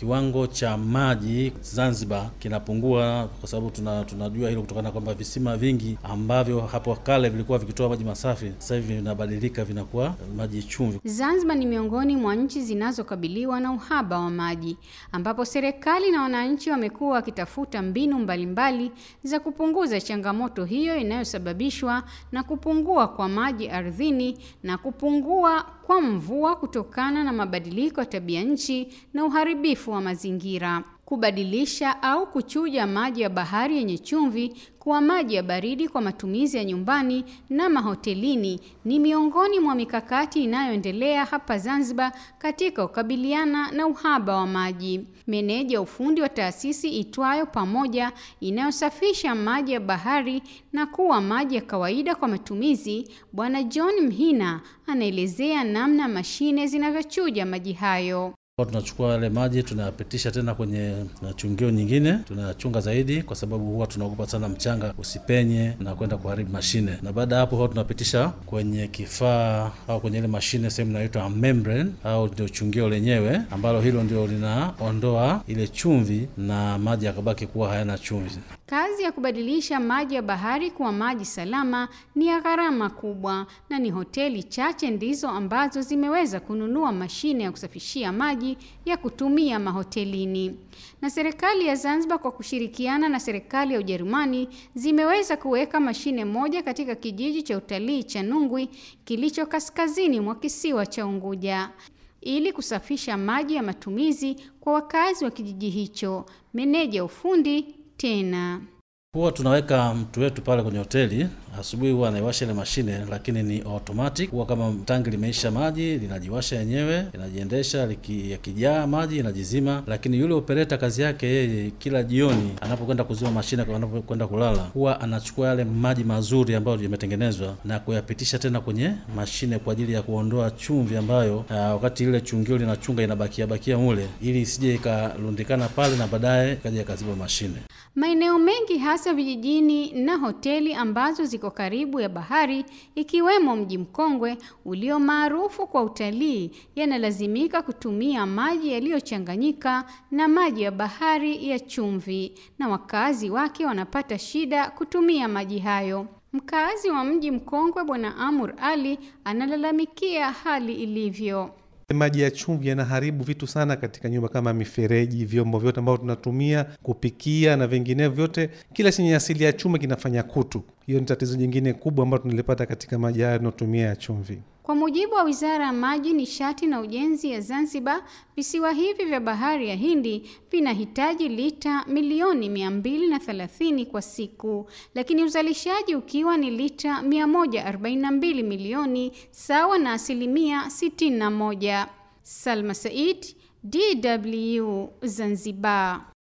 kiwango cha maji Zanzibar kinapungua, kwa sababu tuna, tunajua hilo kutokana kwamba visima vingi ambavyo hapo kale vilikuwa vikitoa maji masafi sasa hivi vinabadilika vinakuwa maji chumvi. Zanzibar ni miongoni mwa nchi zinazokabiliwa na uhaba wa maji, ambapo serikali na wananchi wamekuwa wakitafuta mbinu mbalimbali mbali za kupunguza changamoto hiyo inayosababishwa na kupungua kwa maji ardhini na kupungua kwa mvua kutokana na mabadiliko ya tabia nchi na uharibifu wa mazingira. Kubadilisha au kuchuja maji ya bahari yenye chumvi kuwa maji ya baridi kwa matumizi ya nyumbani na mahotelini ni miongoni mwa mikakati inayoendelea hapa Zanzibar katika kukabiliana na uhaba wa maji. Meneja ufundi wa taasisi itwayo Pamoja inayosafisha maji ya bahari na kuwa maji ya kawaida kwa matumizi, Bwana John Mhina anaelezea namna mashine zinavyochuja maji hayo kwa tunachukua yale maji tunayapitisha tena kwenye uh, chungio nyingine, tunayachunga zaidi, kwa sababu huwa tunaogopa sana mchanga usipenye na kwenda kuharibu mashine. Na baada ya hapo, huwa tunapitisha kwenye kifaa au kwenye ile mashine sehemu inayoitwa membrane au ndio chungio lenyewe, ambalo hilo ndio linaondoa ile chumvi na maji yakabaki kuwa hayana chumvi. Kazi ya kubadilisha maji ya bahari kuwa maji salama ni ya gharama kubwa na ni hoteli chache ndizo ambazo zimeweza kununua mashine ya kusafishia maji ya kutumia mahotelini. Na serikali ya Zanzibar kwa kushirikiana na serikali ya Ujerumani zimeweza kuweka mashine moja katika kijiji cha utalii cha Nungwi kilicho kaskazini mwa kisiwa cha Unguja ili kusafisha maji ya matumizi kwa wakazi wa kijiji hicho. Meneja ufundi tena Huwa tunaweka mtu wetu pale kwenye hoteli, asubuhi huwa anaiwasha ile mashine, lakini ni automatic. Huwa kama tangi limeisha maji linajiwasha yenyewe, inajiendesha yakijaa maji inajizima. Lakini yule opereta kazi yake yeye, kila jioni anapokwenda kuzima mashine, anapokwenda kulala, huwa anachukua yale maji mazuri ambayo yametengenezwa na kuyapitisha tena kwenye mashine kwa ajili ya kuondoa chumvi ambayo, uh, wakati ile chungio linachunga inabakiabakia mule, ili isije ikarundikana pale na baadaye kaja ikaziba mashine. Maeneo mengi hasa vijijini na hoteli ambazo ziko karibu ya bahari ikiwemo Mji Mkongwe ulio maarufu kwa utalii yanalazimika kutumia maji yaliyochanganyika na maji ya bahari ya chumvi na wakazi wake wanapata shida kutumia maji hayo. Mkaazi wa Mji Mkongwe Bwana Amur Ali analalamikia hali ilivyo. Maji ya chumvi yanaharibu vitu sana katika nyumba, kama mifereji, vyombo vyote ambavyo tunatumia kupikia na vinginevyo vyote, kila chenye asili ya chuma kinafanya kutu hiyo ni tatizo jingine kubwa ambalo tunalipata katika maji haya yanayotumia ya chumvi. Kwa mujibu wa Wizara ya Maji, Nishati na Ujenzi ya Zanzibar, visiwa hivi vya bahari ya Hindi vinahitaji lita milioni 230 kwa siku, lakini uzalishaji ukiwa ni lita 142 milioni sawa na asilimia 61. Salma Said, DW, Zanzibar.